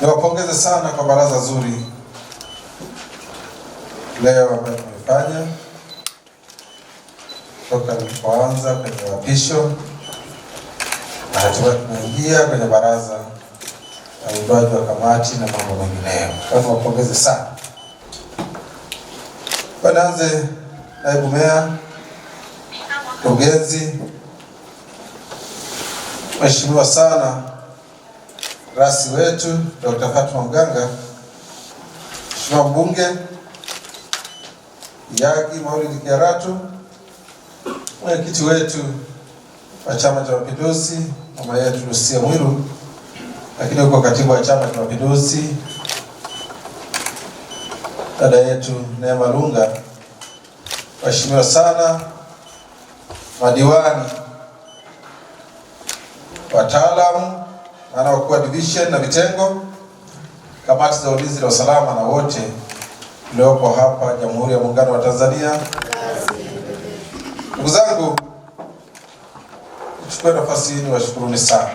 Niwapongeze sana kwa baraza zuri leo ambayo tumefanya toka nilipoanza kwenye wapisho na hatimaye tunaingia kwenye baraza na uundaji wa kamati na mambo mengineyo. Kwa niwapongeze sana. Naanze naibu meya, mkurugenzi, mheshimiwa sana rasi wetu Dr. Fatma Mganga, Mheshimiwa Mbunge Yagi Maulid Kiaratu, mwenyekiti wetu wa Chama cha Mapinduzi mama yetu Lucia Mwiru, lakini huko katibu wa Chama cha Mapinduzi dada yetu Neema Lunga, waheshimiwa sana madiwani, wataalamu na wakuu wa division na vitengo, kamati za ulinzi na usalama na wote mliopo hapa Jamhuri ya Muungano wa Tanzania. Ndugu zangu, nichukue nafasi hii niwashukuruni sana.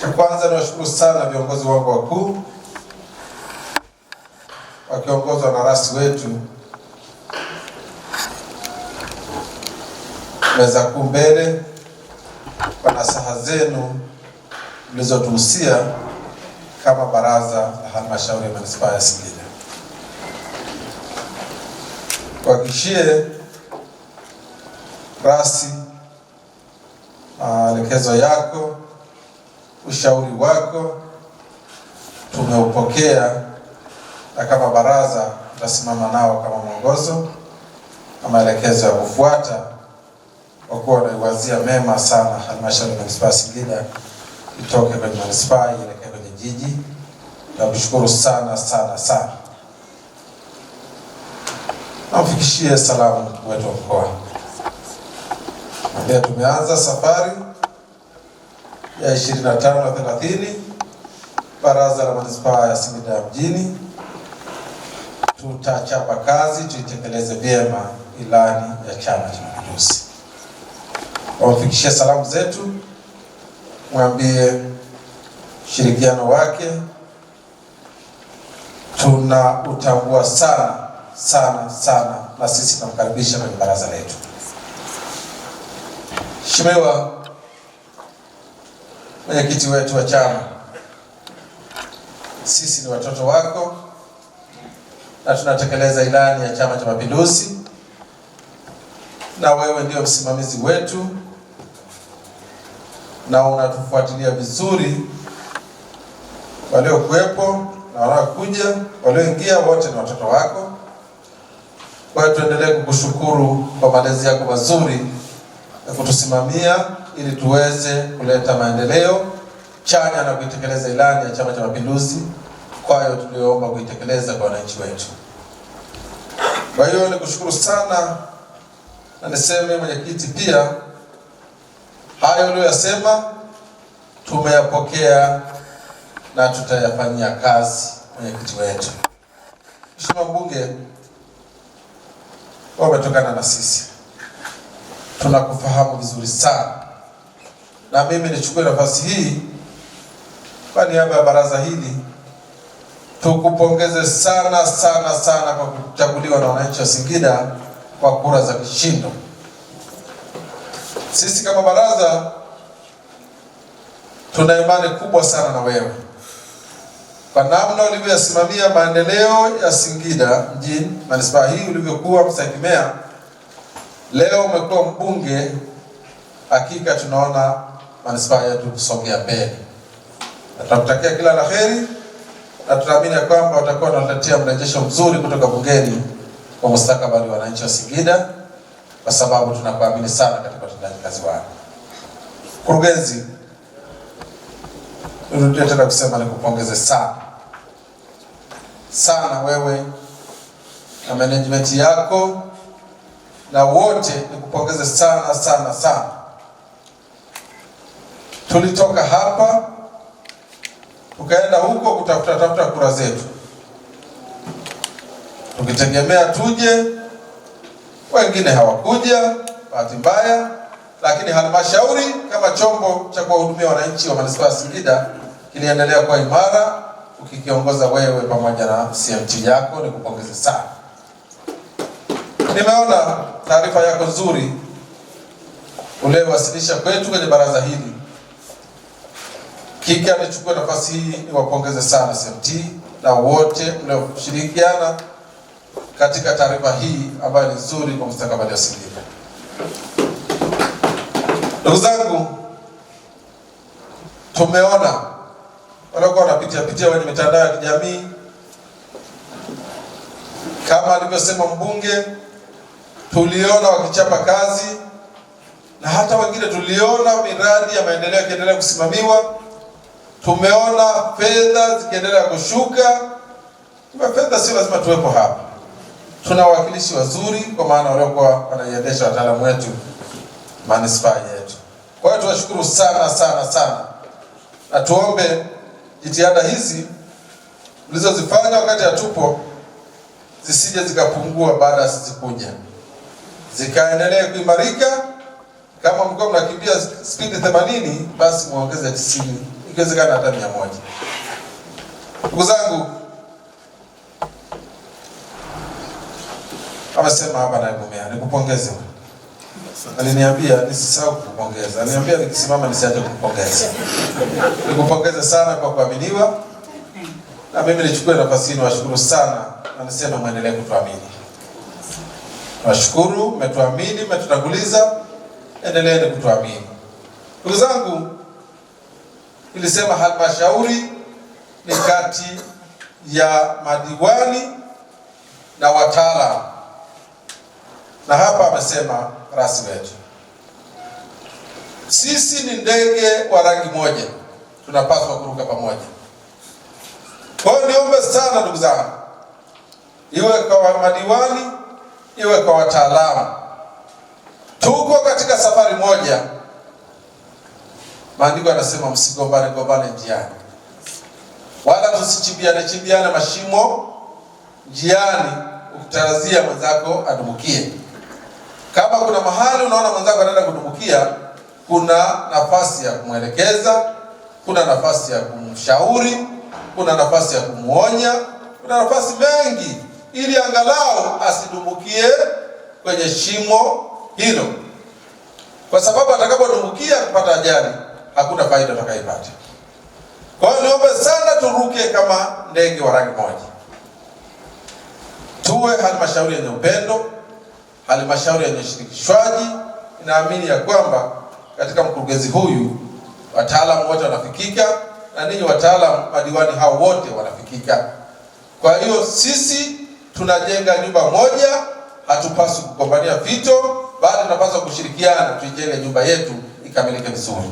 Cha kwanza niwashukuru sana viongozi wangu wakuu wakiongozwa na rasi wetu meza kuu mbele kwa nasaha zenu mlizotuhusia kama baraza la halmashauri ya manispaa ya Singida. Kuhakikishie rasi maelekezo yako, ushauri wako tumeupokea, na kama baraza tutasimama nao kama mwongozo na maelekezo ya kufuata wakuwa wanaiwazia mema sana halmashauri ya manispaa Singida itoke kwenye manispaa ielekee kwenye jiji. Nakushukuru sana sana sana. Namfikishie salamu wetu wa mkoa, ambia tumeanza safari ya 25 na 30 baraza la manispaa ya Singida mjini. Tutachapa kazi tuitekeleze vyema ilani ya Chama cha Mapinduzi wamfikishie salamu zetu, mwambie ushirikiano wake tuna utambua sana sana sana, na sisi tunamkaribisha kwenye baraza letu. Mheshimiwa mwenyekiti wetu wa chama, sisi ni watoto wako na tunatekeleza ilani ya Chama cha Mapinduzi, na wewe ndio msimamizi wetu na unatufuatilia vizuri, waliokuwepo na wanaokuja, walioingia wote ni watoto wako. Kwa hiyo tuendelee kukushukuru kwa malezi yako mazuri ya kutusimamia ili tuweze kuleta maendeleo chanya na kuitekeleza ilani ya Chama cha Mapinduzi kwayo tulioomba kuitekeleza kwa wananchi wetu. Kwa hiyo nikushukuru sana na niseme mwenyekiti pia Hayo uliyosema tumeyapokea na tutayafanyia kazi mwenyekiti wetu. Mheshimiwa Mbunge, wametokana na sisi, tunakufahamu vizuri sana, na mimi nichukue nafasi hii kwa niaba ya baraza hili tukupongeze sana sana sana kwa kuchaguliwa na wananchi wa Singida kwa kura za kishindo. Sisi kama baraza tuna imani kubwa sana na wewe kwa namna ulivyoyasimamia maendeleo ya Singida mjini, manispaa hii ulivyokuwa msakimea, leo umekuwa mbunge. Hakika tunaona manispaa yetu kusogea mbele, na tunakutakia kila la heri, na tunaamini kwamba utakuwa unatuletea mrejesho mzuri kutoka bungeni kwa mustakabali wa wananchi wa Singida, kwa sababu tunakuamini sana katika Zanzibar. Mkurugenzi, nirudia kusema nikupongeze sana sana wewe na management yako na wote, nikupongeze sana sana sana. Tulitoka hapa tukaenda huko kutafuta tafuta kura zetu, tukitegemea tuje, wengine hawakuja, bahati mbaya lakini halmashauri kama chombo cha kuwahudumia wananchi wa manispaa ya Singida kiliendelea kuwa imara, ukikiongoza wewe pamoja na CMT yako. Ni kupongeza sana. Nimeona taarifa yako nzuri uliyowasilisha kwetu kwenye baraza hili kika. Nichukue nafasi hii niwapongeze sana CMT na wote mlioshirikiana katika taarifa hii ambayo ni nzuri kwa mustakabali wa Singida. Ndugu zangu, tumeona waliokuwa wanapitia pitia kwenye mitandao ya kijamii kama alivyosema mbunge, tuliona wakichapa kazi na hata wengine tuliona miradi ya maendeleo ikiendelea kusimamiwa, tumeona fedha zikiendelea kushuka. Fedha sio lazima tuwepo hapa, tuna wawakilishi wazuri, kwa maana waliokuwa wanaiendesha wataalamu wetu manispaa kwa hiyo tunashukuru sana sana sana, na tuombe jitihada hizi mlizozifanya wakati hatupo zisije zikapungua baada ya sisi kuja, zikaendelee kuimarika. Kama mko mnakimbia spidi 80 basi muongeze 90, ikiwezekana hata 100. Ndugu zangu, amesema hapa naibu meya, nikupongeze Aliniambia nisisahau kukupongeza. Aliniambia nikisimama nisiache kukupongeza. nikupongeza sana kwa kuaminiwa. Na mimi nichukue nafasi hii niwashukuru sana na niseme mwendelee kutuamini. Nashukuru mmetuamini, mmetutanguliza, endeleeni kutuamini. Ndugu zangu, nilisema halmashauri ni kati ya madiwani na wataalamu, na hapa amesema rasi wetu. Sisi ni ndege wa rangi moja, tunapaswa kuruka pamoja. Kwa hiyo niombe sana ndugu zangu, iwe kwa madiwani, iwe kwa wataalamu, tuko katika safari moja. Maandiko yanasema msigombane gombane njiani, wala tusichimbiane chimbiane mashimo njiani, ukitarazia mwenzako adumukie. Kama kuna mahali unaona mwenzako anaenda kutumbukia, kuna nafasi ya kumwelekeza, kuna nafasi ya kumshauri, kuna nafasi ya kumwonya, kuna nafasi mengi, ili angalau asidumbukie kwenye shimo hilo, kwa sababu atakapotumbukia kupata ajali hakuna faida atakayopata. Kwa hiyo niombe sana, turuke kama ndege wa rangi moja, tuwe halmashauri yenye upendo halmashauri yenye ushirikishwaji inaamini ya kwamba katika mkurugenzi huyu wataalamu wote wanafikika na ninyi wataalamu madiwani hao wote wanafikika. Kwa hiyo sisi tunajenga nyumba moja, hatupaswi kugombania vito, bali tunapaswa kushirikiana tuijenge nyumba yetu ikamilike vizuri.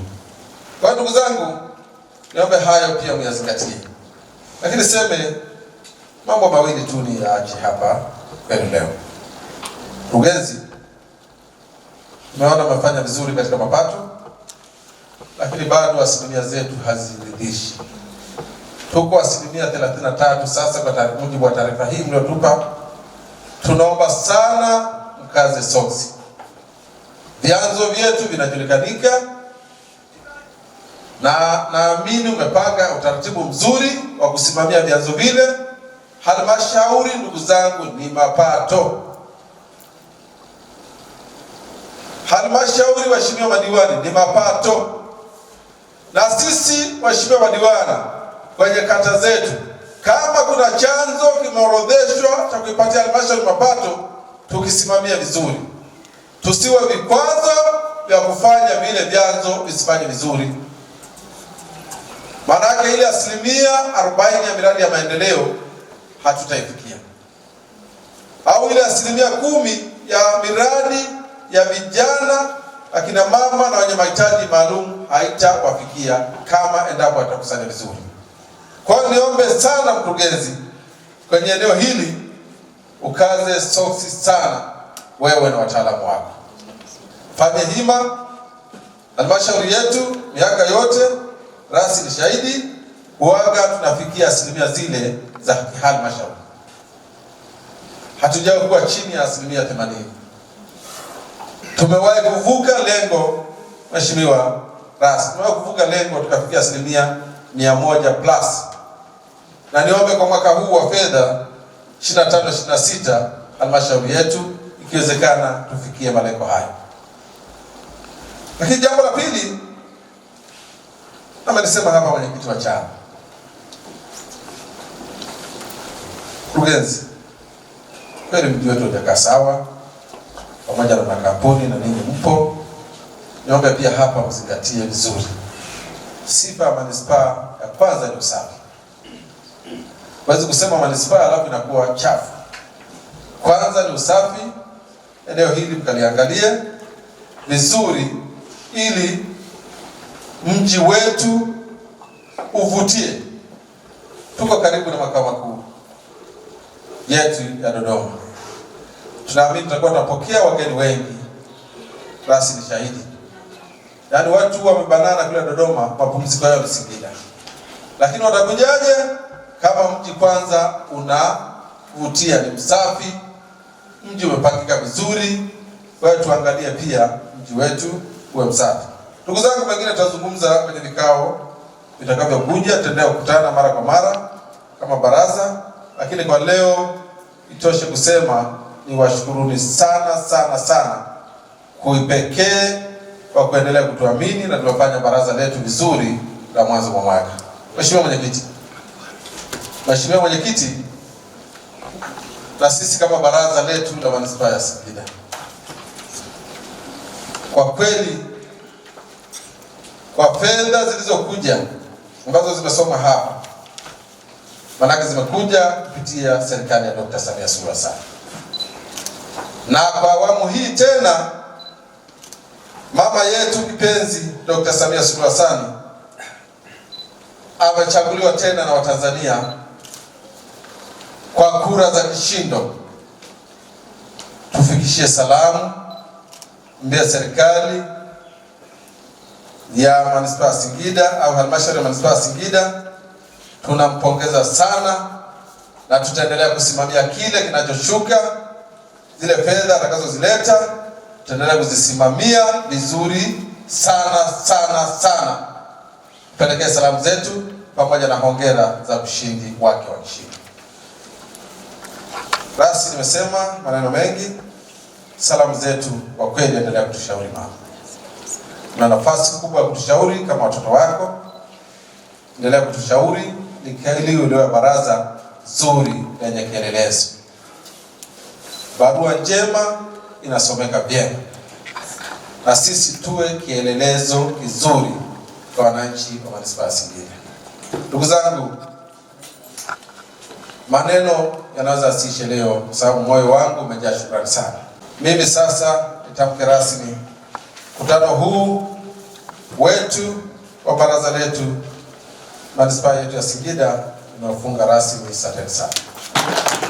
Kwa hiyo ndugu zangu, niombe hayo pia myazingatie, lakini seme mambo mawili tu ni yaache hapa kwenu leo. Mkurugenzi, umeona umefanya vizuri katika mapato, lakini bado asilimia zetu haziridhishi. Tuko asilimia 33 sasa, kwa mujibu wa taarifa hii mliotupa. Tunaomba sana mkaze soksi, vyanzo vyetu vinajulikanika, na naamini umepanga utaratibu mzuri wa kusimamia vyanzo vile. Halmashauri, ndugu zangu, ni mapato halmashauri, waheshimiwa madiwani, ni mapato, na sisi waheshimiwa madiwani kwenye kata zetu, kama kuna chanzo kimeorodheshwa cha kuipatia halmashauri mapato, tukisimamia vizuri, tusiwe vikwazo vya kufanya vile vyanzo visifanye vizuri. yake ile asilimia 40 ya miradi ya maendeleo hatutaifikia, au ile asilimia kumi ya miradi ya vijana, akina mama na wenye mahitaji maalum haitawafikia kama endapo atakusanya vizuri. Kwa hiyo niombe sana mkurugenzi, kwenye eneo hili ukaze soksi sana, wewe na wataalamu wako. Fanye hima. Halmashauri yetu miaka yote, rasi ni shahidi, huaga tunafikia asilimia zile za halmashauri, kuwa chini ya asilimia themanini. Tumewahi kuvuka lengo mheshimiwa rasmi tumewahi kuvuka lengo tukafikia asilimia mia moja plus, na niombe kwa mwaka huu wa fedha 25 26 halmashauri yetu ikiwezekana tufikie malengo hayo. Lakini jambo la pili amenisema hapa mwenyekiti wa chama, mkurugenzi, kweli mji wetu hujakaa sawa pamoja na makampuni na ninyi mpo. Niombe pia hapa mzingatie vizuri, sifa ya manispaa ya kwanza ni usafi. Huwezi kusema manispaa alafu inakuwa chafu. Kwanza ni usafi. Eneo hili mkaliangalie vizuri, ili mji wetu uvutie. Tuko karibu na makao makuu yetu ya Dodoma tunaamini tutakuwa tunapokea wageni wengi basi ni shahidi. Yaani watu wamebanana kule Dodoma, mapumziko yao ni Singida, lakini watakujaje kama mji kwanza unavutia, ni msafi, mji umepangika vizuri. Kwa hiyo tuangalie pia mji wetu uwe msafi. Ndugu zangu, pengine tutazungumza kwenye vikao vitakavyokuja, tutaendelea kukutana mara kwa mara kama baraza, lakini kwa leo itoshe kusema niwashukuruni sana sana sana kuipekee kwa kuendelea kutuamini na tuliofanya baraza letu vizuri la mwanzo mwa mwaka. Mheshimiwa Mwenyekiti, Mheshimiwa Mwenyekiti, na sisi kama baraza letu la manispaa ya Singida kwa kweli kwa fedha zilizokuja ambazo zimesoma hapa, maanake zimekuja kupitia serikali ya Dr. Samia Suluhu Hassan. Na kwa awamu hii tena mama yetu kipenzi Dr. Samia Suluhu Hassan amechaguliwa tena na Watanzania kwa kura za kishindo. Tufikishie salamu mbele serikali ya manispaa ya Singida au halmashauri ya manispaa ya Singida. Tunampongeza sana na tutaendelea kusimamia kile kinachoshuka zile fedha atakazozileta tutaendelea kuzisimamia vizuri sana sana sana. Pelekee salamu zetu pamoja na hongera za mshindi wake wa kishindo. Basi nimesema maneno mengi, salamu zetu kwa kweli, endelea kutushauri mama, una nafasi kubwa ya kutushauri kama watoto wako, endelea kutushauri ili uliwe baraza zuri lenye kielelezo. Barua njema inasomeka vyema, na sisi tuwe kielelezo kizuri kwa wananchi wa manispaa ya Singida. Ndugu zangu, maneno yanaweza asiishe leo, kwa sababu moyo wangu umejaa shukrani sana. Mimi sasa nitamke rasmi mkutano huu wetu wa baraza letu manispaa yetu ya Singida unaofunga rasmi. Asanteni sana.